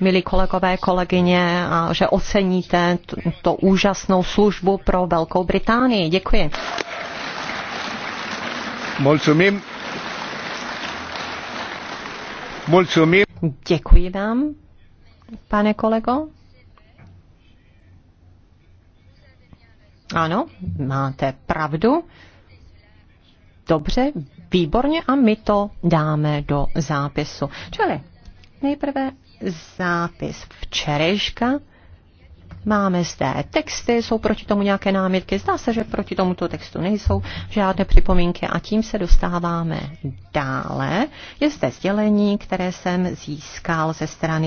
milí kolegové, kolegyně, a že oceníte to úžasnou službu pro Velkou Británii. Děkuji. Mulțumim. Mulțumim. Děkuji vám, pane kolego. Ano, máte pravdu. Dobře, výborně a my to dáme do zápisu. Čili nejprve zápis včerejška. Máme zde texty, jsou proti tomu nějaké námitky, zdá se, že proti tomuto textu nejsou žádné připomínky a tím se dostáváme dále. Je zde sdělení, které jsem získal ze strany